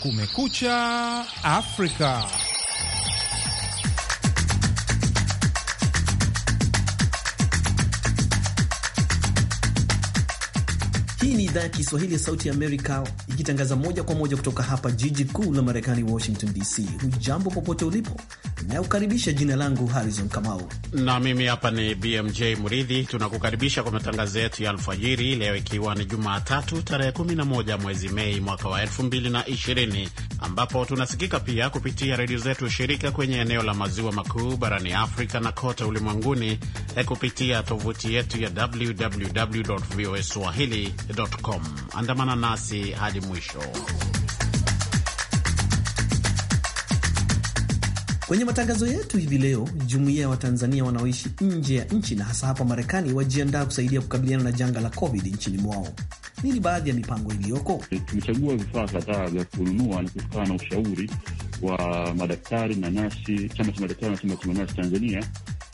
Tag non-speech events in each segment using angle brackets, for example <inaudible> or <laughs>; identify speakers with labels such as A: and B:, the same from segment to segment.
A: Kumekucha Afrika.
B: Hii ni idhaa ya Kiswahili ya Sauti ya Amerika ikitangaza moja kwa moja kutoka hapa jiji kuu la Marekani, Washington DC. Hujambo popote ulipo inayokaribisha. Jina langu Harrison Kamau
C: na mimi hapa ni BMJ Muridhi. Tunakukaribisha kwa matangazo yetu ya alfajiri leo, ikiwa ni Jumatatu tarehe 11 mwezi Mei mwaka wa 2020 ambapo tunasikika pia kupitia redio zetu shirika kwenye eneo la maziwa makuu barani Afrika na kote ulimwenguni eh, kupitia tovuti yetu ya www voa swahili com. Andamana nasi hadi mwisho.
B: Kwenye matangazo yetu hivi leo, jumuiya ya Watanzania wanaoishi nje ya nchi na hasa hapa Marekani wajiandaa kusaidia kukabiliana na janga la COVID nchini mwao.
D: Nini baadhi ya mipango iliyoko? Tumechagua vifaa kadhaa vya kununua na kutokana na ushauri wa madaktari na nasi, chama cha madaktari na chama cha manasi Tanzania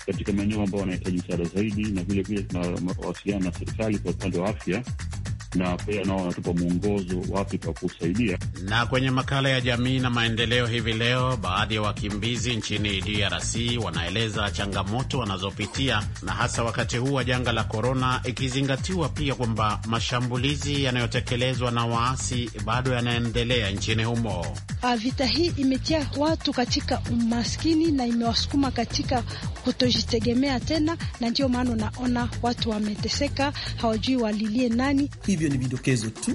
D: katika maeneo ambao wanahitaji msaada zaidi, na vilevile tunawasiliana na serikali kwa upande wa afya na pia nao wanatupa mwongozo wapi pa kusaidia.
C: Na kwenye makala ya jamii na maendeleo hivi leo, baadhi ya wakimbizi nchini DRC wanaeleza changamoto wanazopitia na hasa wakati huu wa janga la korona, ikizingatiwa pia kwamba mashambulizi yanayotekelezwa na waasi bado yanaendelea nchini humo.
A: Ah, vita hii imetia watu katika umaskini na imewasukuma katika kutojitegemea tena, na ndio maana unaona watu wameteseka, hawajui walilie nani
B: hivyo hivyo ni vidokezo tu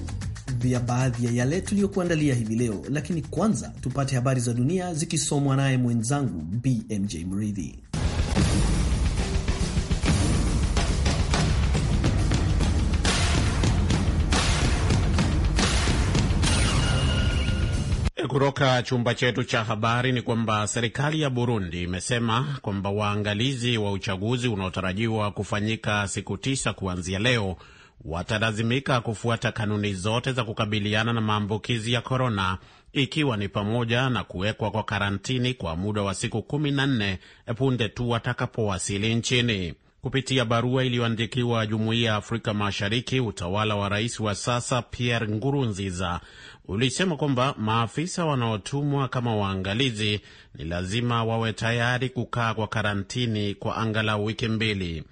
B: vya baadhi ya yale tuliyokuandalia hivi leo, lakini kwanza tupate habari za dunia zikisomwa naye mwenzangu BMJ Mridhi.
C: Kutoka chumba chetu cha habari ni kwamba serikali ya Burundi imesema kwamba waangalizi wa uchaguzi unaotarajiwa kufanyika siku tisa kuanzia leo watalazimika kufuata kanuni zote za kukabiliana na maambukizi ya korona ikiwa ni pamoja na kuwekwa kwa karantini kwa muda wa siku kumi na nne punde tu watakapowasili nchini. Kupitia barua iliyoandikiwa Jumuiya ya Afrika Mashariki, utawala wa rais wa sasa Pierre Ngurunziza ulisema kwamba maafisa wanaotumwa kama waangalizi ni lazima wawe tayari kukaa kwa karantini kwa angalau wiki mbili.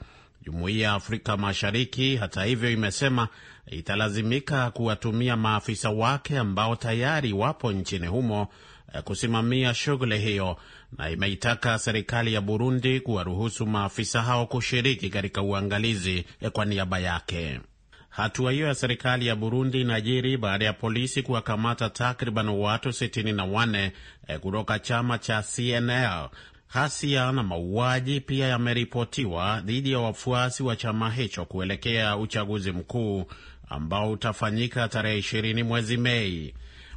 C: Jumuiya ya Afrika Mashariki, hata hivyo, imesema italazimika kuwatumia maafisa wake ambao tayari wapo nchini humo eh, kusimamia shughuli hiyo, na imeitaka serikali ya Burundi kuwaruhusu maafisa hao kushiriki katika uangalizi eh, kwa niaba yake. Hatua hiyo ya serikali ya Burundi inajiri baada ya polisi kuwakamata takriban watu sitini eh, kutoka chama cha CNL Ghasia na mauaji pia yameripotiwa dhidi ya wafuasi wa chama hicho kuelekea uchaguzi mkuu ambao utafanyika tarehe ishirini mwezi Mei.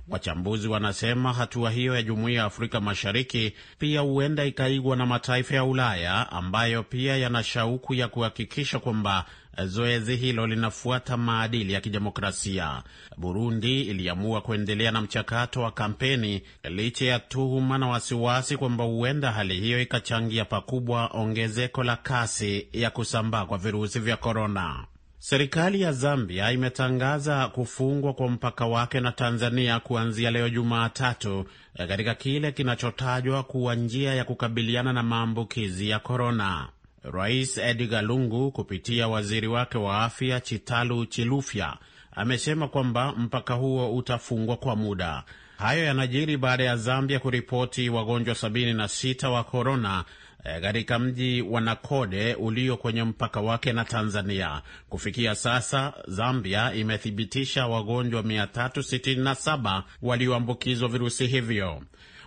C: Wachambuzi wanasema hatua hiyo ya Jumuiya ya Afrika Mashariki pia huenda ikaigwa na mataifa ya Ulaya ambayo pia yana shauku ya kuhakikisha kwamba Zoezi hilo linafuata maadili ya kidemokrasia. Burundi iliamua kuendelea na mchakato wa kampeni licha ya tuhuma na wasiwasi kwamba huenda hali hiyo ikachangia pakubwa ongezeko la kasi ya kusambaa kwa virusi vya korona. Serikali ya Zambia imetangaza kufungwa kwa mpaka wake na Tanzania kuanzia leo Jumatatu, katika kile kinachotajwa kuwa njia ya kukabiliana na maambukizi ya korona. Rais Edgar Lungu kupitia waziri wake wa afya Chitalu Chilufya amesema kwamba mpaka huo utafungwa kwa muda. Hayo yanajiri baada ya Zambia kuripoti wagonjwa 76 wa korona eh, katika mji wa Nakode ulio kwenye mpaka wake na Tanzania. Kufikia sasa, Zambia imethibitisha wagonjwa 367 walioambukizwa virusi hivyo.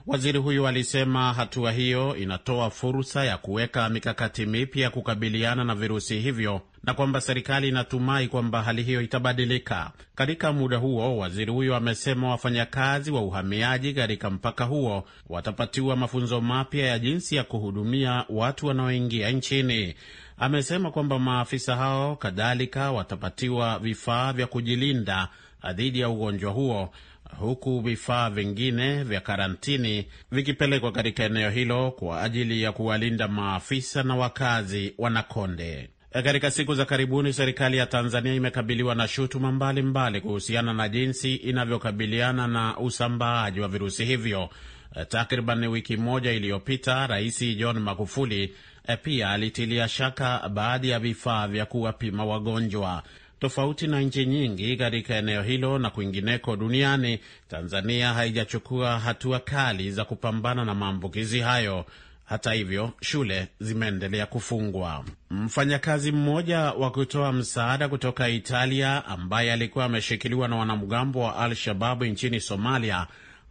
C: Waziri huyu alisema hatua hiyo inatoa fursa ya kuweka mikakati mipya ya kukabiliana na virusi hivyo na kwamba serikali inatumai kwamba hali hiyo itabadilika. Katika muda huo, waziri huyo amesema wafanyakazi wa uhamiaji katika mpaka huo watapatiwa mafunzo mapya ya jinsi ya kuhudumia watu wanaoingia nchini. Amesema kwamba maafisa hao kadhalika watapatiwa vifaa vya kujilinda dhidi ya ugonjwa huo huku vifaa vingine vya karantini vikipelekwa katika eneo hilo kwa ajili ya kuwalinda maafisa na wakazi Wanakonde. E, katika siku za karibuni serikali ya Tanzania imekabiliwa na shutuma mbalimbali kuhusiana na jinsi inavyokabiliana na usambaaji wa virusi hivyo. E, takriban wiki moja iliyopita, Rais John Magufuli e, pia alitilia shaka baadhi ya vifaa vya kuwapima wagonjwa. Tofauti na nchi nyingi katika eneo hilo na kwingineko duniani, Tanzania haijachukua hatua kali za kupambana na maambukizi hayo. Hata hivyo, shule zimeendelea kufungwa. Mfanyakazi mmoja wa kutoa msaada kutoka Italia ambaye alikuwa ameshikiliwa na wanamgambo wa Al-Shababu nchini Somalia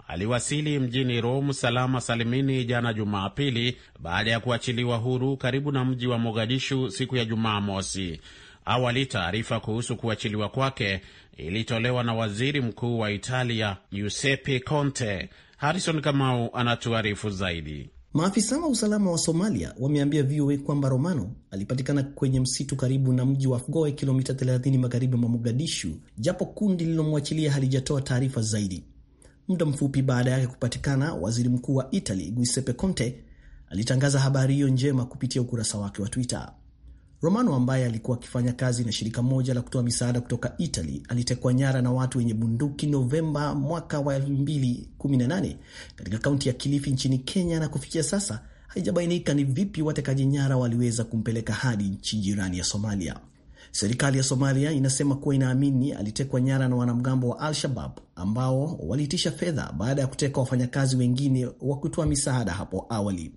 C: aliwasili mjini Rome salama salimini jana Jumapili baada ya kuachiliwa huru karibu na mji wa Mogadishu siku ya Jumamosi. Awali taarifa kuhusu kuachiliwa kwake ilitolewa na waziri mkuu wa Italia Giuseppe Conte. Harrison Kamau anatuarifu zaidi.
B: Maafisa wa usalama wa Somalia wameambia VOA kwamba Romano alipatikana kwenye msitu karibu na mji wa Afgoe, kilomita 30 magharibi mwa Mogadishu, japo kundi lililomwachilia halijatoa taarifa zaidi. Muda mfupi baada yake kupatikana, waziri mkuu wa Italy Giuseppe Conte alitangaza habari hiyo njema kupitia ukurasa wake wa Twitter. Romano ambaye alikuwa akifanya kazi na shirika moja la kutoa misaada kutoka Italy alitekwa nyara na watu wenye bunduki Novemba mwaka wa 2018 katika kaunti ya Kilifi nchini Kenya, na kufikia sasa haijabainika ni vipi watekaji nyara waliweza kumpeleka hadi nchi jirani ya Somalia. Serikali ya Somalia inasema kuwa inaamini alitekwa nyara na wanamgambo wa Al-Shabab ambao waliitisha fedha baada ya kuteka wafanyakazi wengine wa kutoa misaada hapo awali.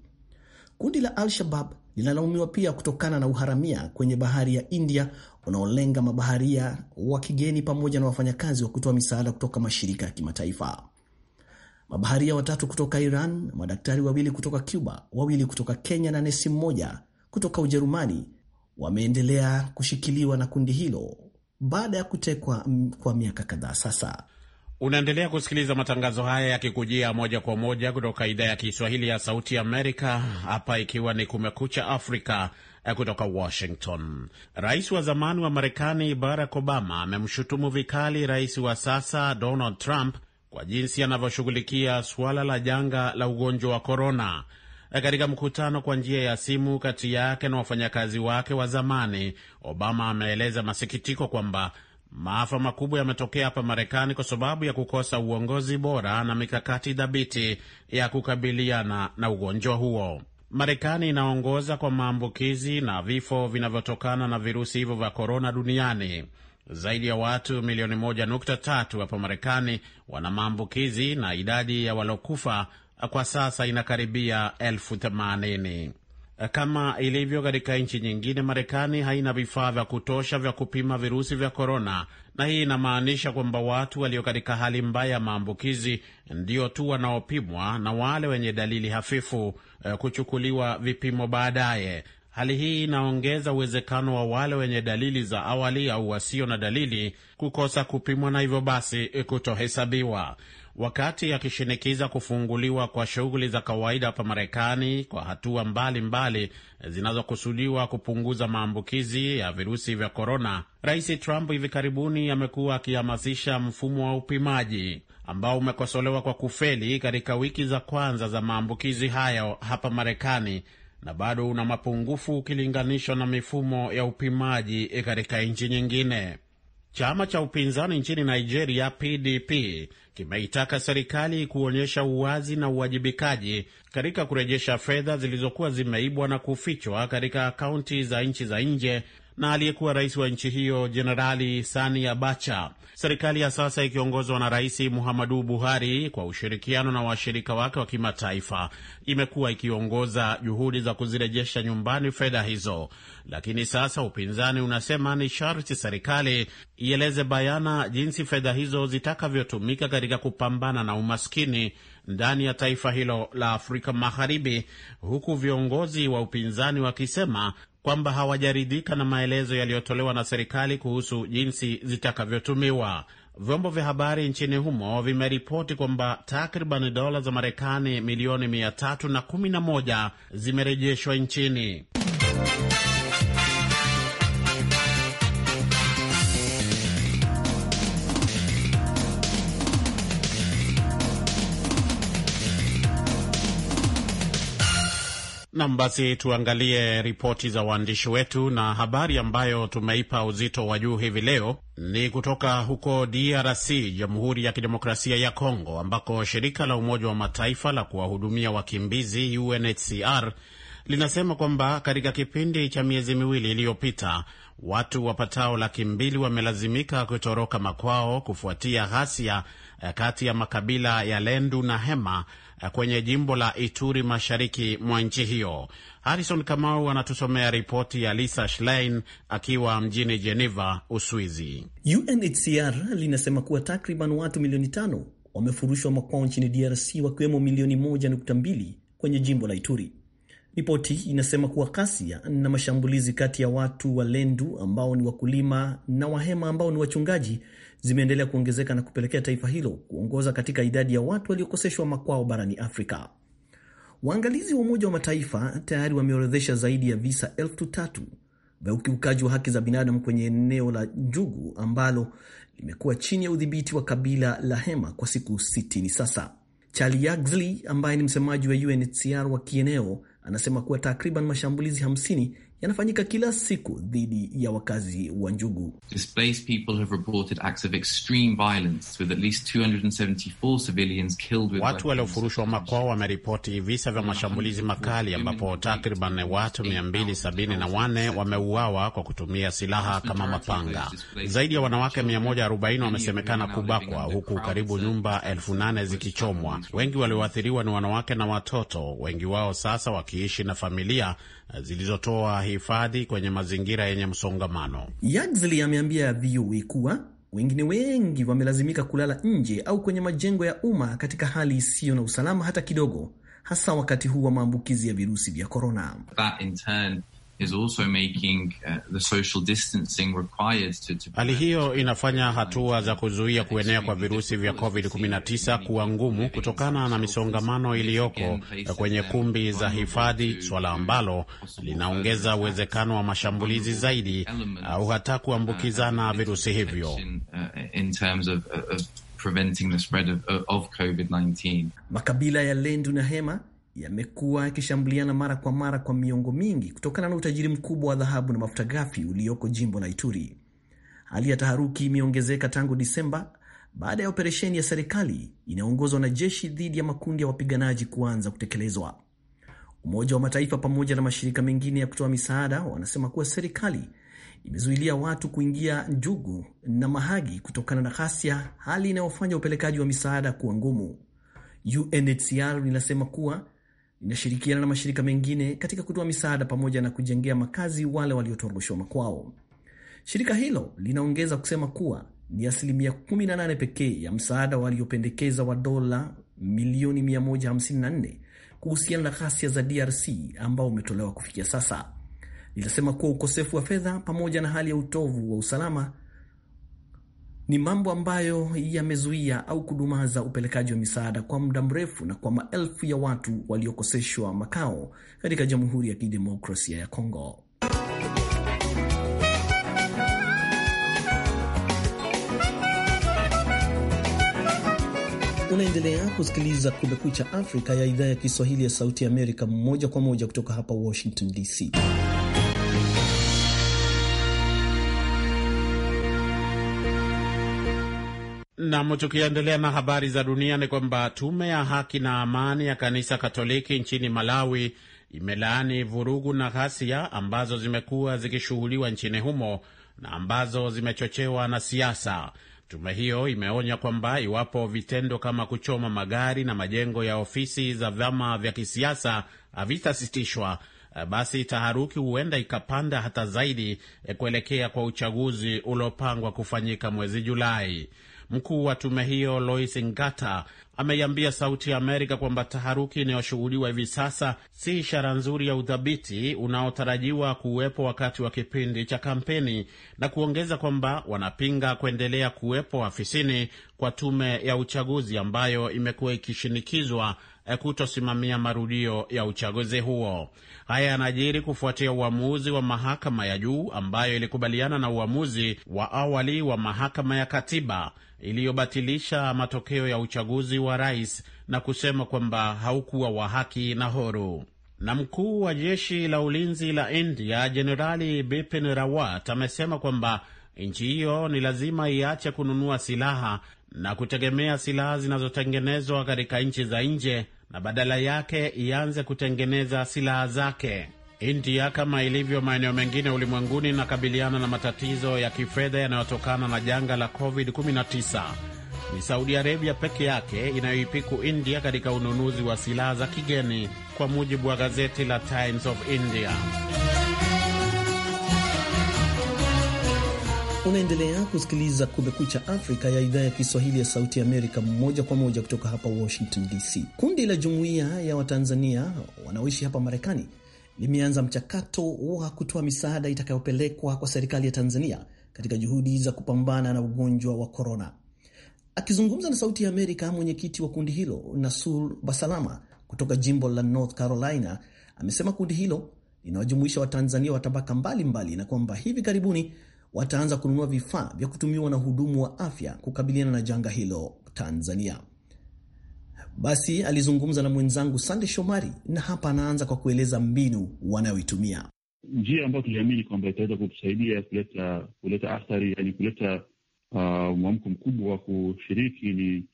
B: Kundi la Al-Shabab linalaumiwa pia kutokana na uharamia kwenye bahari ya India unaolenga mabaharia wa kigeni pamoja na wafanyakazi wa kutoa misaada kutoka mashirika ya kimataifa. Mabaharia watatu kutoka Iran, madaktari wawili kutoka Cuba, wawili kutoka Kenya na nesi mmoja kutoka Ujerumani wameendelea kushikiliwa na kundi hilo baada ya kutekwa kwa miaka kadhaa sasa.
C: Unaendelea kusikiliza matangazo haya yakikujia moja kwa moja kutoka idhaa ya Kiswahili ya Sauti Amerika, hapa ikiwa ni Kumekucha Afrika eh, kutoka Washington. Rais wa zamani wa Marekani Barack Obama amemshutumu vikali rais wa sasa Donald Trump kwa jinsi anavyoshughulikia suala la janga la ugonjwa wa korona. Eh, katika mkutano kwa njia ya simu kati yake na wafanyakazi wake wa zamani, Obama ameeleza masikitiko kwamba Maafa makubwa yametokea hapa Marekani kwa sababu ya kukosa uongozi bora na mikakati dhabiti ya kukabiliana na ugonjwa huo. Marekani inaongoza kwa maambukizi na vifo vinavyotokana na virusi hivyo vya korona duniani. Zaidi ya watu milioni 13 hapa Marekani wana maambukizi na idadi ya waliokufa kwa sasa inakaribia elfu themanini. Eh, kama ilivyo katika nchi nyingine, Marekani haina vifaa vya kutosha vya kupima virusi vya korona, na hii inamaanisha kwamba watu walio katika hali mbaya ya maambukizi ndio tu wanaopimwa na wale wenye dalili hafifu eh, kuchukuliwa vipimo baadaye. Hali hii inaongeza uwezekano wa wale wenye dalili za awali au wasio na dalili kukosa kupimwa na hivyo basi kutohesabiwa wakati akishinikiza kufunguliwa kwa shughuli za kawaida hapa Marekani kwa hatua mbalimbali zinazokusudiwa kupunguza maambukizi ya virusi vya korona. Rais Trump hivi karibuni amekuwa akihamasisha mfumo wa upimaji ambao umekosolewa kwa kufeli katika wiki za kwanza za maambukizi hayo hapa Marekani na bado una mapungufu ukilinganishwa na mifumo ya upimaji katika nchi nyingine. Chama cha upinzani nchini Nigeria, PDP, kimeitaka serikali kuonyesha uwazi na uwajibikaji katika kurejesha fedha zilizokuwa zimeibwa na kufichwa katika akaunti za nchi za nje na aliyekuwa rais wa nchi hiyo Jenerali Sani Abacha. Serikali ya sasa ikiongozwa na Rais Muhammadu Buhari kwa ushirikiano na washirika wake wa kimataifa imekuwa ikiongoza juhudi za kuzirejesha nyumbani fedha hizo, lakini sasa upinzani unasema ni sharti serikali ieleze bayana jinsi fedha hizo zitakavyotumika katika kupambana na umaskini ndani ya taifa hilo la Afrika Magharibi, huku viongozi wa upinzani wakisema kwamba hawajaridhika na maelezo yaliyotolewa na serikali kuhusu jinsi zitakavyotumiwa. Vyombo vya habari nchini humo vimeripoti kwamba takriban dola za Marekani milioni mia tatu na kumi na moja zimerejeshwa nchini. Nam, basi tuangalie ripoti za waandishi wetu, na habari ambayo tumeipa uzito wa juu hivi leo ni kutoka huko DRC, Jamhuri ya Kidemokrasia ya Kongo, ambako shirika la Umoja wa Mataifa la kuwahudumia wakimbizi UNHCR linasema kwamba katika kipindi cha miezi miwili iliyopita watu wapatao laki mbili wamelazimika kutoroka makwao kufuatia ghasia eh, kati ya makabila ya Lendu na Hema Eh, kwenye jimbo la Ituri mashariki mwa nchi hiyo. Harrison Kamau anatusomea ripoti ya Lisa Schlein akiwa mjini Geneva, Uswizi.
B: UNHCR linasema kuwa takriban watu milioni tano wamefurushwa makwao nchini DRC wakiwemo milioni moja nukta mbili kwenye jimbo la Ituri. Ripoti inasema kuwa kasia na mashambulizi kati ya watu wa Lendu ambao ni wakulima na Wahema ambao ni wachungaji zimeendelea kuongezeka na kupelekea taifa hilo kuongoza katika idadi ya watu waliokoseshwa makwao barani Afrika. Waangalizi wa Umoja wa Mataifa tayari wameorodhesha zaidi ya visa elfu tatu vya ukiukaji wa haki za binadamu kwenye eneo la Jugu ambalo limekuwa chini ya udhibiti wa kabila la Hema kwa siku 60 sasa. Charli Yaxley ambaye ni msemaji wa UNHCR wa kieneo anasema kuwa takriban mashambulizi 50 yanafanyika kila siku dhidi ya wakazi wa Njugu.
D: Displaced people have reported acts of extreme violence with at least 274 civilians killed with. Watu
C: waliofurushwa makwao wameripoti visa vya mashambulizi makali ambapo takriban watu 274 wameuawa kwa kutumia silaha kama mapanga. Zaidi ya wanawake 140 wamesemekana kubakwa huku karibu nyumba elfu zikichomwa. Wengi walioathiriwa ni wanawake na watoto, wengi wao sasa wakiishi na familia zilizotoa hifadhi kwenye mazingira yenye msongamano.
B: Yagzli ameambia ya VOA kuwa wengine wengi wamelazimika kulala nje au kwenye majengo ya umma katika hali isiyo na usalama hata kidogo, hasa wakati huu wa maambukizi ya virusi vya korona.
D: Uh,
C: Hali hiyo inafanya uh, hatua za kuzuia kuenea kwa virusi vya COVID-19 kuwa ngumu kutokana na misongamano iliyoko kwenye kumbi za hifadhi, swala ambalo linaongeza uwezekano wa mashambulizi zaidi au hata uh, kuambukizana
D: virusi hivyo.
B: Makabila ya Lendu na Hema yamekuwa yakishambuliana mara kwa mara kwa miongo mingi kutokana na utajiri mkubwa wa dhahabu na mafuta ghafi ulioko jimbo la Ituri. Hali ya taharuki imeongezeka tangu Disemba baada ya operesheni ya serikali inayoongozwa na jeshi dhidi ya makundi ya wapiganaji kuanza kutekelezwa. Umoja wa Mataifa pamoja na mashirika mengine ya kutoa misaada wanasema kuwa serikali imezuilia watu kuingia Njugu na Mahagi kutokana na ghasia, hali inayofanya upelekaji wa misaada kuwa ngumu. UNHCR linasema kuwa inashirikiana na mashirika mengine katika kutoa misaada pamoja na kujengea makazi wale waliotoroshwa makwao. Shirika hilo linaongeza kusema kuwa ni asilimia 18 pekee ya msaada waliopendekeza wa dola milioni 154 kuhusiana na ghasia za DRC ambao umetolewa kufikia sasa. Linasema kuwa ukosefu wa fedha pamoja na hali ya utovu wa usalama ni mambo ambayo yamezuia au kudumaza upelekaji wa misaada kwa muda mrefu na kwa maelfu ya watu waliokoseshwa makao katika Jamhuri ya Kidemokrasia ya Kongo. Unaendelea kusikiliza Kumekucha Afrika ya idhaa ya Kiswahili ya Sauti ya Amerika, moja kwa moja kutoka hapa Washington DC.
C: Nam, tukiendelea na habari za dunia ni kwamba tume ya haki na amani ya kanisa Katoliki nchini Malawi imelaani vurugu na ghasia ambazo zimekuwa zikishughuliwa nchini humo na ambazo zimechochewa na siasa. Tume hiyo imeonya kwamba iwapo vitendo kama kuchoma magari na majengo ya ofisi za vyama vya kisiasa havitasitishwa, basi taharuki huenda ikapanda hata zaidi eh, kuelekea kwa uchaguzi uliopangwa kufanyika mwezi Julai. Mkuu wa tume hiyo Lois Ngata ameiambia Sauti ya Amerika kwamba taharuki inayoshughuliwa hivi sasa si ishara nzuri ya udhabiti unaotarajiwa kuwepo wakati wa kipindi cha kampeni, na kuongeza kwamba wanapinga kuendelea kuwepo afisini kwa tume ya uchaguzi ambayo imekuwa ikishinikizwa Eh, kutosimamia marudio ya uchaguzi huo. Haya yanajiri kufuatia uamuzi wa mahakama ya juu ambayo ilikubaliana na uamuzi wa awali wa mahakama ya katiba iliyobatilisha matokeo ya uchaguzi wa rais na kusema kwamba haukuwa wa haki na huru. Na mkuu wa jeshi la ulinzi la India Jenerali Bipin Rawat amesema kwamba nchi hiyo ni lazima iache kununua silaha na kutegemea silaha zinazotengenezwa katika nchi za nje na badala yake ianze kutengeneza silaha zake. India kama ilivyo maeneo mengine ulimwenguni inakabiliana na matatizo ya kifedha yanayotokana na janga la COVID-19. Ni Saudi Arabia peke yake inayoipiku India katika ununuzi wa silaha za kigeni, kwa mujibu wa gazeti la Times of India.
B: Unaendelea kusikiliza Kumekucha Afrika ya idhaa ya Kiswahili ya Sauti Amerika, moja kwa moja kutoka hapa Washington DC. Kundi la jumuiya ya Watanzania wanaoishi hapa Marekani limeanza mchakato wa kutoa misaada itakayopelekwa kwa serikali ya Tanzania katika juhudi za kupambana na ugonjwa wa korona. Akizungumza na Sauti ya Amerika, mwenyekiti wa kundi hilo Nasul Basalama kutoka jimbo la North Carolina amesema kundi hilo linawajumuisha Watanzania wa tabaka mbalimbali na kwamba hivi karibuni wataanza kununua vifaa vya kutumiwa na hudumu wa afya kukabiliana na janga hilo Tanzania. Basi alizungumza na mwenzangu Sande Shomari, na hapa anaanza kwa kueleza mbinu wanayoitumia.
D: Njia ambayo tuliamini kwamba itaweza kutusaidia kuleta kuleta athari, yani kuleta uh, mwamko mkubwa wa kushiriki ni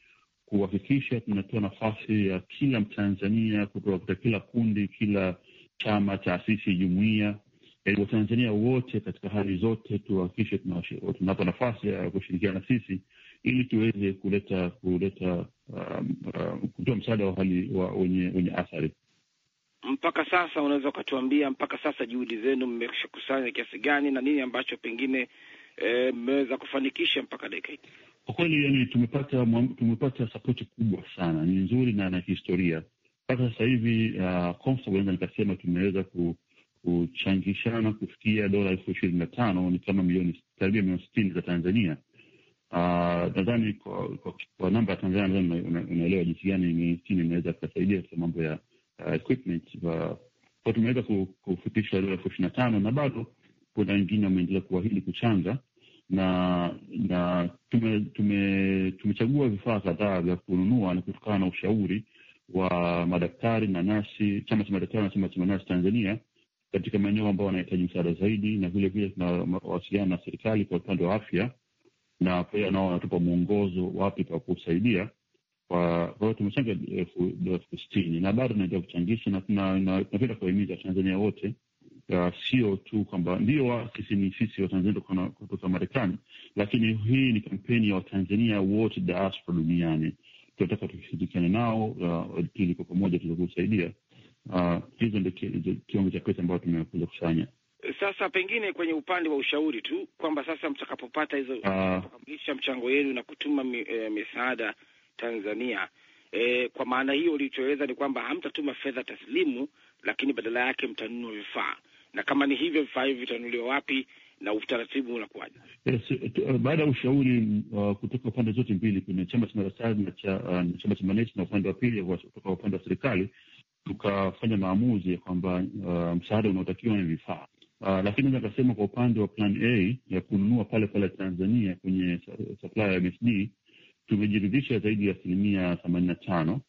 D: kuhakikisha tunatoa nafasi ya kila Mtanzania kutoka kila kundi, kila chama, taasisi, jumuia Watanzania wote katika hali zote tuhakikishe tunapa nafasi ya kushirikiana sisi ili tuweze kuleta kuleta um, um, kutoa msaada wa hali wa wenye wenye athari.
E: Mpaka sasa unaweza ukatuambia, mpaka sasa juhudi zenu mmeshakusanya kiasi gani na nini ambacho pengine eh, mmeweza e, kufanikisha mpaka dakika hii?
D: Kwa kweli, yani tumepata tumepata sapoti kubwa sana, ni nzuri na na historia Mpaka sasa hivi uh, nikasema tumeweza ku kuchangishana kufikia dola elfu ishirini na tano ni kama milioni karibia milioni sitini za Tanzania. Uh, nadhani kwa, kwa, kwa namba ya Tanzania nadhani unaelewa jinsi gani milioni inaweza kasaidia katika mambo ya uh, equipment uh, kwa tumeweza kufikisha dola elfu ishirini na tano na bado kuna wengine wameendelea kuahidi kuchanga na na tume, tume, tumechagua vifaa kadhaa vya kununua na kutokana na ushauri wa madaktari na nasi, chama cha madaktari na chama cha manasi Tanzania katika maeneo ambayo wanahitaji msaada zaidi, na vile vile tunawasiliana na serikali kwa upande wa afya, na pia nao wanatupa mwongozo wapi pa kusaidia. Kwa hiyo tumechanga elfu sitini na bado tunaendelea kuchangisha, na tunapenda kuwahimiza Watanzania wote, sio tu kwamba ndio sisi ni sisi Watanzania kutoka Marekani, lakini hii ni kampeni ya Watanzania wote diaspora duniani. Tunataka tushirikiane nao ili kwa pamoja tuweze kusaidia Ah, hizo uh, ndio kiwango cha pesa ambayo tumekuja kusanya.
E: Sasa pengine kwenye upande wa ushauri tu kwamba sasa mtakapopata hizo ah. kukamilisha uh, mchango yenu na kutuma mi, e, misaada Tanzania e, kwa maana hiyo ulichoeleza ni kwamba hamtatuma fedha taslimu, lakini badala yake mtanunua vifaa, na kama ni hivyo, vifaa hivi vitanunuliwa wapi na utaratibu unakuwaje?
D: Yes, e, baada ya ushauri uh, kutoka pande zote mbili, kuna chama cha madaktari na uh, chama cha manesi na upande wa pili kutoka upande wa serikali tukafanya maamuzi ya kwamba uh, msaada unaotakiwa ni vifaa uh, lakini naweza kasema kwa upande wa plan A ya kununua pale pale Tanzania kwenye supply ya MSD tumejiridhisha zaidi ya asilimia themanini na tano.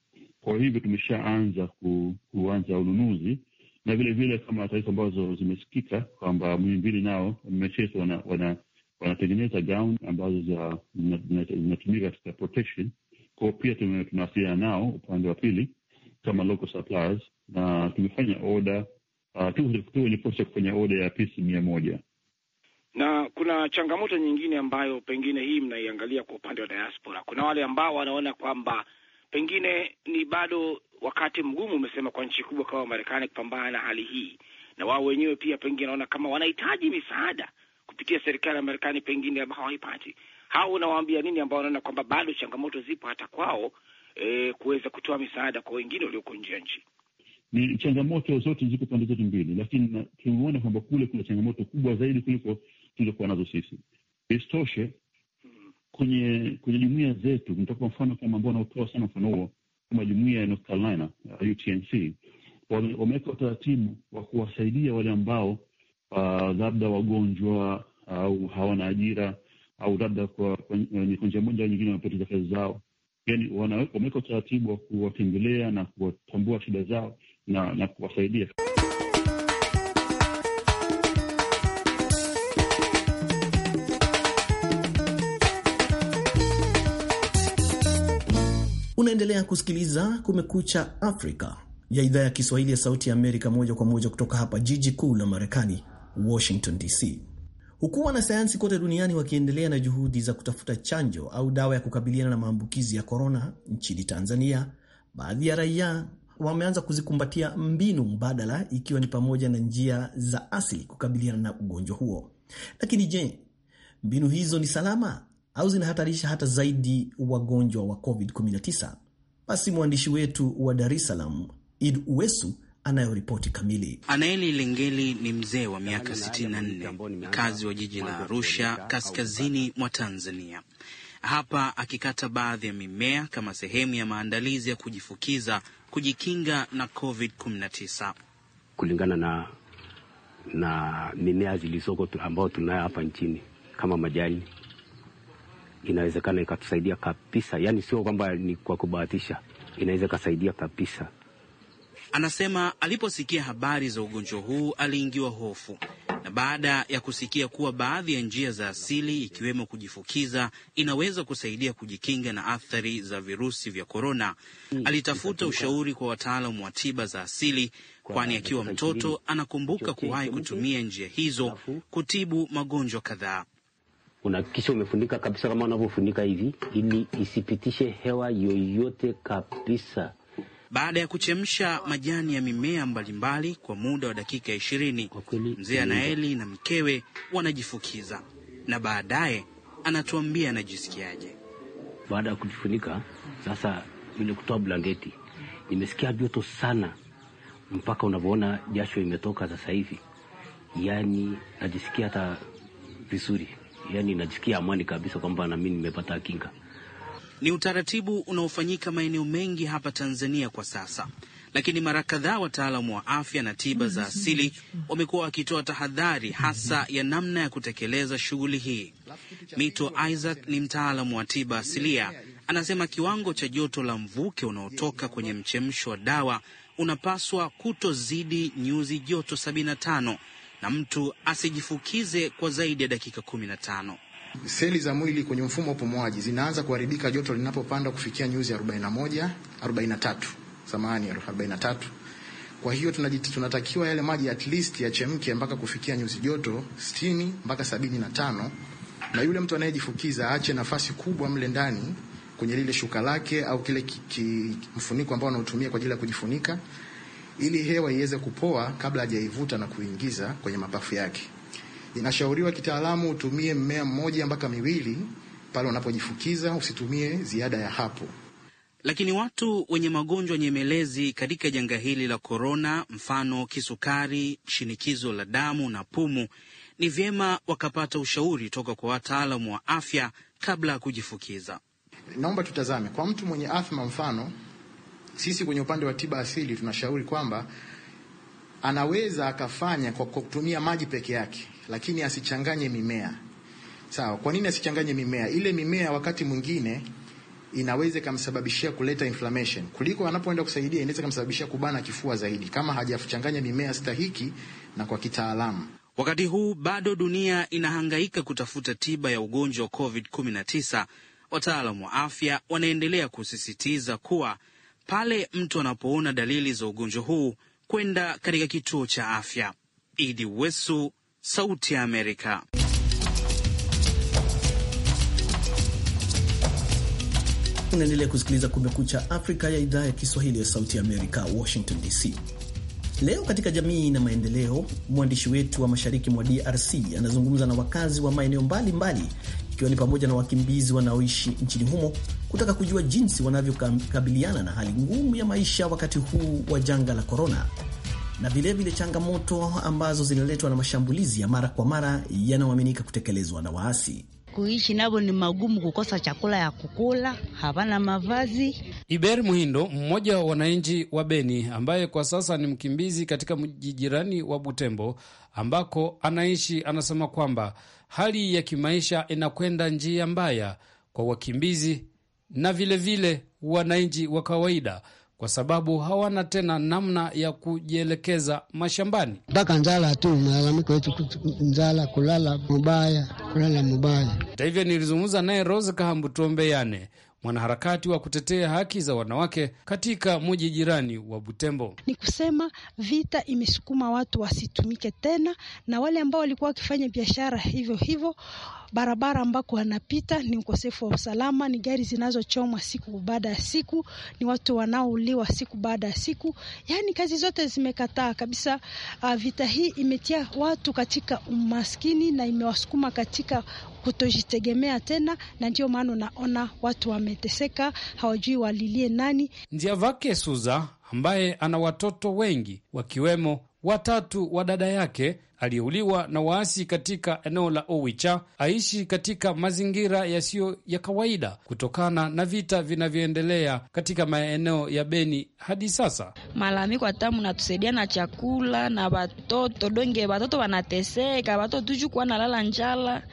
D: Kwa hivyo tumeshaanza ku, kuanza ununuzi na vile vile kama taarifa ambazo zimesikika kwamba Muhimbili nao michezo wana wanatengeneza gown ambazo zinatumika katika protection kwao, pia tunawasiliana nao upande wa pili kama local suppliers, na tumefanya oda uh, tu wenye process kufanya oda ya pisi mia moja
E: na kuna changamoto nyingine ambayo pengine hii mnaiangalia kwa upande wa diaspora. Kuna wale ambao wanaona kwamba pengine ni bado wakati mgumu, umesema kwa nchi kubwa kama Marekani kupambana na hali hii, na wao wenyewe pia pengine wanaona kama wanahitaji misaada kupitia serikali ya Marekani, pengine ambao hawaipati. Hao unawaambia nini ambao wanaona kwamba bado changamoto zipo hata kwao e, kuweza kutoa misaada kwa wengine walioko nje ya nchi.
D: Ni changamoto zote ziko pande zote mbili, lakini tumeona kwamba kule kuna changamoto kubwa zaidi kuliko tulizokuwa nazo sisi. Isitoshe, hmm. kwenye kwenye jumuia zetu, nitakupa mfano kama ambao wanaotoa sana mfano huo, kama jumuia ya North Carolina UTNC wameweka utaratibu wa kuwasaidia wale ambao ah, labda uh, wagonjwa au uh, hawana ajira au labda kwa njia moja au nyingine wamepoteza kazi zao yani wameweka utaratibu wa kuwatembelea na kuwatambua shida zao na, na kuwasaidia.
B: Unaendelea kusikiliza Kumekucha Afrika ya idhaa ya Kiswahili ya Sauti ya Amerika, moja kwa moja kutoka hapa jiji kuu la Marekani, Washington DC huku wanasayansi kote duniani wakiendelea na juhudi za kutafuta chanjo au dawa ya kukabiliana na maambukizi ya korona, nchini Tanzania baadhi ya raia wameanza kuzikumbatia mbinu mbadala, ikiwa ni pamoja na njia za asili kukabiliana na ugonjwa huo. Lakini je, mbinu hizo ni salama au zinahatarisha hata zaidi wagonjwa wa COVID-19? Basi mwandishi wetu wa Dar es Salaam Id Uwesu anayoripoti kamili.
A: Anaeli Lengeli ni mzee wa miaka 64 mkazi wa jiji la Arusha kaskazini mwa Tanzania. Hapa akikata baadhi ya mimea kama sehemu ya maandalizi ya kujifukiza kujikinga na COVID-19 kulingana na na mimea zilizoko ambayo tunayo hapa nchini kama majani, inawezekana ikatusaidia kabisa. Yani sio kwamba ni kwa kubahatisha,
E: inaweza ikasaidia kabisa.
A: Anasema aliposikia habari za ugonjwa huu aliingiwa hofu, na baada ya kusikia kuwa baadhi ya njia za asili ikiwemo kujifukiza inaweza kusaidia kujikinga na athari za virusi vya korona, alitafuta ushauri kwa wataalamu wa tiba za asili, kwani akiwa mtoto anakumbuka kuwahi kutumia njia hizo kutibu magonjwa kadhaa. Unahakikisha umefunika kabisa kama unavyofunika hivi, ili isipitishe hewa yoyote kabisa. Baada ya kuchemsha majani ya mimea mbalimbali mbali kwa muda wa dakika ishirini, mzee Naeli na mkewe wanajifukiza na baadaye anatuambia anajisikiaje. Baada ya kujifunika sasa, ile kutoa blanketi, nimesikia joto sana mpaka unavyoona jasho imetoka sasa hivi, yaani najisikia hata vizuri, yani najisikia amani kabisa kwamba nami nimepata kinga. Ni utaratibu unaofanyika maeneo mengi hapa Tanzania kwa sasa, lakini mara kadhaa wataalamu wa afya na tiba za asili wamekuwa wakitoa tahadhari hasa ya namna ya kutekeleza shughuli hii. Mito Isaac ni mtaalamu wa tiba asilia, anasema kiwango cha joto la mvuke unaotoka kwenye mchemsho wa dawa unapaswa kutozidi nyuzi joto 75 na mtu asijifukize kwa zaidi ya dakika 15.
F: Seli za mwili kwenye mfumo wa upumuaji zinaanza kuharibika joto linapopanda kufikia nyuzi 41 43, samahani 43. Kwa hiyo tunajiti, tunatakiwa yale maji at least yachemke mpaka kufikia nyuzi joto 60 mpaka 75, na yule mtu anayejifukiza aache nafasi kubwa mle ndani kwenye lile shuka lake au kile ki, ki, mfuniko ambao anautumia kwa ajili ya kujifunika, ili hewa iweze kupoa kabla hajaivuta na kuingiza kwenye mapafu yake. Inashauriwa kitaalamu utumie mmea mmoja mpaka miwili pale unapojifukiza, usitumie ziada ya hapo.
A: Lakini watu wenye magonjwa nyemelezi katika janga hili la korona, mfano kisukari, shinikizo la damu na pumu, ni vyema wakapata ushauri toka kwa wataalamu wa afya kabla ya kujifukiza.
F: Naomba tutazame kwa mtu mwenye athma. Mfano sisi kwenye upande wa tiba asili tunashauri kwamba anaweza akafanya kwa kutumia maji peke yake lakini asichanganye mimea. Sawa, kwa nini asichanganye mimea? Ile mimea wakati mwingine inaweza ikamsababishia kuleta inflammation kuliko anapoenda kusaidia, inaweza ikamsababishia kubana kifua zaidi, kama hajachanganya mimea stahiki na kwa kitaalamu.
A: Wakati huu bado dunia inahangaika kutafuta tiba ya ugonjwa wa COVID-19, wataalamu wa afya wanaendelea kusisitiza kuwa pale mtu anapoona dalili za ugonjwa huu kwenda katika kituo cha afya. Idi Wesu, Sauti ya Amerika.
B: Unaendelea kusikiliza Kumekucha Afrika ya idhaa ya Kiswahili ya Sauti ya Amerika, Washington DC. Leo katika jamii na maendeleo, mwandishi wetu wa mashariki mwa DRC anazungumza na wakazi wa maeneo mbalimbali, ikiwa ni pamoja na wakimbizi wanaoishi nchini humo kutaka kujua jinsi wanavyokabiliana na hali ngumu ya maisha wakati huu wa janga la korona na vilevile changamoto ambazo zinaletwa na mashambulizi ya mara kwa mara yanayoaminika kutekelezwa na waasi.
A: Kuishi navyo ni magumu, kukosa chakula ya kukula, havana mavazi. Iber Muhindo,
G: mmoja wa wananchi wa Beni ambaye kwa sasa ni mkimbizi katika mji jirani wa Butembo ambako anaishi, anasema kwamba hali ya kimaisha inakwenda njia mbaya kwa wakimbizi na vilevile wananchi wa kawaida kwa sababu hawana tena namna ya kujielekeza mashambani.
F: Mpaka njala tu, malalamiko yetu njala, kulala mubaya, kulala mubaya.
G: Hata hivyo, nilizungumza naye Rose Kahambutwombeyane, mwanaharakati wa kutetea haki za wanawake katika mji jirani wa Butembo.
A: Ni kusema vita imesukuma watu wasitumike tena, na wale ambao walikuwa wakifanya biashara hivyo hivyo barabara ambako wanapita ni ukosefu wa usalama, ni gari zinazochomwa siku baada ya siku, ni watu wanaouliwa siku baada ya siku. Yani kazi zote zimekataa kabisa. Uh, vita hii imetia watu katika umaskini na imewasukuma katika kutojitegemea tena, na ndio maana unaona watu wameteseka, hawajui walilie nani.
G: Ndia vake Suza ambaye ana watoto wengi wakiwemo watatu wa dada yake aliyeuliwa na waasi katika eneo la Owicha aishi katika mazingira yasiyo ya kawaida kutokana na vita vinavyoendelea katika maeneo ya Beni hadi sasa.
A: Malalamiko hata mnatusaidia na chakula na watoto donge, watoto wanateseka, watoto tujukuwa nalala njala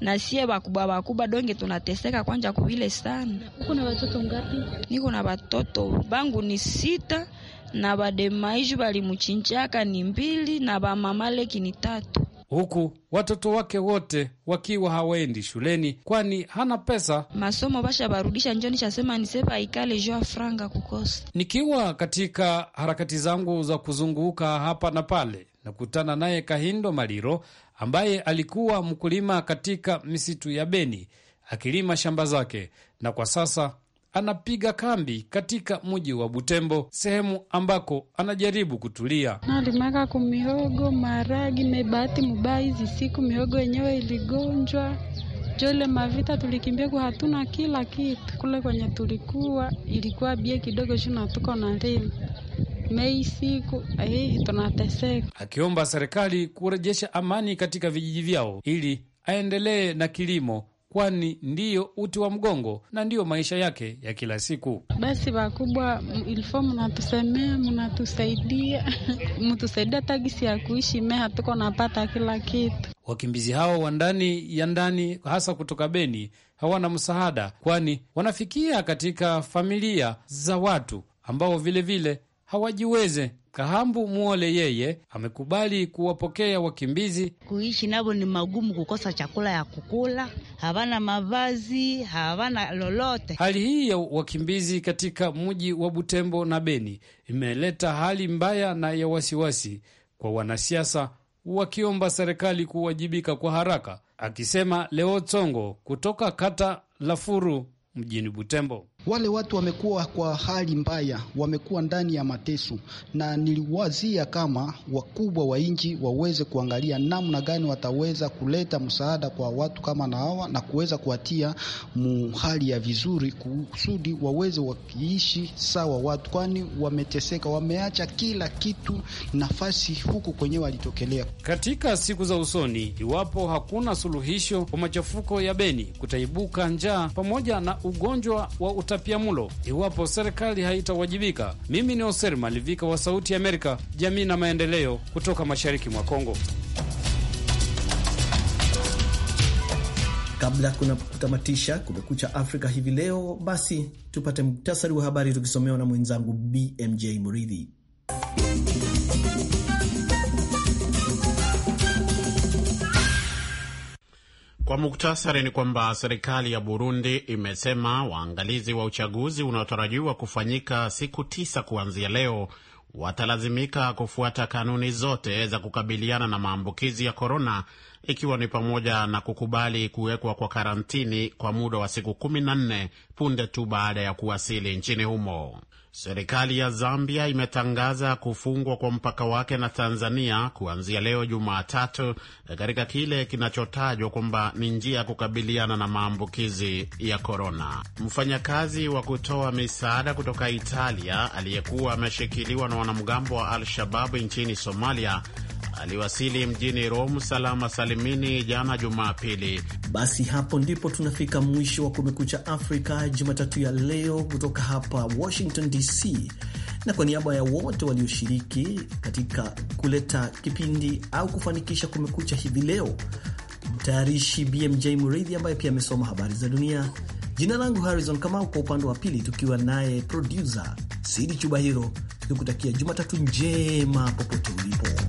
A: na sie wakubwa wakubwa donge tunateseka kwanja kuvile sana. Uko na watoto ngapi? Niko na watoto bangu ni sita na bademaiji bali muchinjaka ni mbili na bamamaleki ni tatu,
G: huku watoto wake wote wakiwa hawaendi shuleni
A: kwani hana pesa masomo basha barudisha njoni chasema nisepa ikale joa franga kukosa.
G: Nikiwa katika harakati zangu za kuzunguka hapa na pale, nakutana naye Kahindo Maliro ambaye alikuwa mkulima katika misitu ya Beni akilima shamba zake na kwa sasa anapiga kambi katika mji wa Butembo, sehemu ambako anajaribu kutulia. Nalimaka ku mihogo maragi mebahati mubaya hizi siku mihogo yenyewe iligonjwa jole mavita tulikimbia ku hatuna kila kitu kule kwenye tulikuwa ilikuwa bie kidogo shina tuko na ndimi mei siku eh, tunateseka, akiomba serikali kurejesha amani katika vijiji vyao ili aendelee na kilimo kwani ndiyo uti wa mgongo na ndiyo maisha yake ya kila siku.
A: Basi wakubwa
G: ilifo, mnatusemea mnatusaidia, <laughs> mtusaidia tagisi ya kuishi, me
A: hatuko napata kila kitu.
G: Wakimbizi hao wa ndani ya ndani hasa kutoka Beni hawana msaada, kwani wanafikia katika familia za watu ambao vilevile vile hawajiweze Kahambu Mwole yeye amekubali
A: kuwapokea wakimbizi. Kuishi navo ni magumu, kukosa chakula ya kukula, havana mavazi, havana lolote. Hali hii ya
G: wakimbizi katika mji wa Butembo na Beni imeleta hali mbaya na ya wasiwasi kwa wanasiasa, wakiomba serikali kuwajibika kwa haraka, akisema Leo Tsongo kutoka kata la Furu mjini Butembo.
F: Wale watu wamekuwa kwa hali mbaya, wamekuwa ndani ya mateso, na niliwazia kama wakubwa wa nchi waweze kuangalia namna gani wataweza kuleta msaada kwa watu kama na hawa na kuweza kuwatia muhali ya vizuri, kusudi waweze wakiishi sawa watu, kwani wameteseka, wameacha kila kitu, nafasi huku kwenyewe walitokelea.
G: Katika siku za usoni, iwapo hakuna suluhisho kwa machafuko ya Beni, kutaibuka njaa pamoja na ugonjwa wa utapiamlo iwapo serikali haitawajibika. Mimi ni Oser Malivika wa Sauti ya Amerika, jamii na maendeleo, kutoka mashariki mwa Kongo.
B: Kabla kuna kutamatisha Kumekucha Afrika hivi leo, basi tupate muktasari wa habari tukisomewa na mwenzangu
C: BMJ Muridhi. Kwa muktasari ni kwamba serikali ya Burundi imesema waangalizi wa uchaguzi unaotarajiwa kufanyika siku tisa kuanzia leo watalazimika kufuata kanuni zote za kukabiliana na maambukizi ya korona, ikiwa ni pamoja na kukubali kuwekwa kwa karantini kwa muda wa siku kumi na nne punde tu baada ya kuwasili nchini humo. Serikali ya Zambia imetangaza kufungwa kwa mpaka wake na Tanzania kuanzia leo Jumatatu, katika kile kinachotajwa kwamba ni njia ya kukabiliana na maambukizi ya korona. Mfanyakazi wa kutoa misaada kutoka Italia aliyekuwa ameshikiliwa na wanamgambo wa Al-Shababu nchini Somalia aliwasili mjini Rome salama salimini jana Jumapili.
B: Basi hapo ndipo tunafika mwisho wa Kumekucha Afrika Jumatatu ya leo, kutoka hapa Washington DC, na kwa niaba ya wote walioshiriki katika kuleta kipindi au kufanikisha Kumekucha hivi leo, mtayarishi BMJ Muridhi ambaye pia amesoma habari za dunia. Jina langu Harrison Kamau, kwa upande wa pili tukiwa naye produsa Sidi Chubahiro, tukikutakia Jumatatu njema popote ulipo.